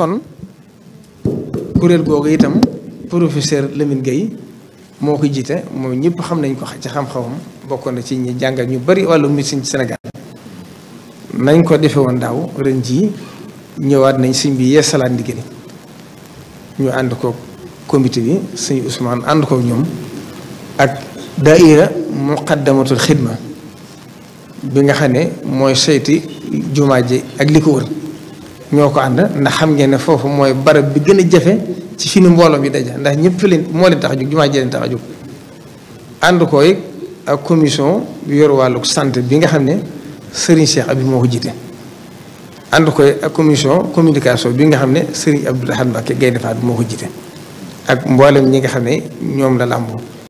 kon kuréel googu itam professeur Lamine Gueye moo ko jiite moom ñëpp xam nañ ko ci xam-xamam bokkoon na ci ñi jàngal ñu bari wàllu médecine ci Sénégal nañ ko defe woon daaw ren jii ñëwaat nañ siñ bi yeesalaat ndigal ñu ànd ko comité bi sëñ Ousmane ànd ko ñoom ak daaira muqaddamatul xidma bi nga xam ne mooy seyti jumaa ji ak li ko wër ñoo ko ànd ndax xam ngeen ne foofu mooy barab bi gën a jafe ci fi mbooloom mbooloo bi daja ndax ñëpp fi leen moo leen tax a jóg jumaa ji leen tax a jóg ànd koy it ak commission bi yor wàllu santé bi nga xam ne Serigne ab Abib moo ko jiite. ànd ko ak commission communication bi nga xam ne Serigne Abdoul Ahad Mbacké Gaïndé Fatma moo ko jite ak mboolem ñi nga xam ne ñoom la làmboo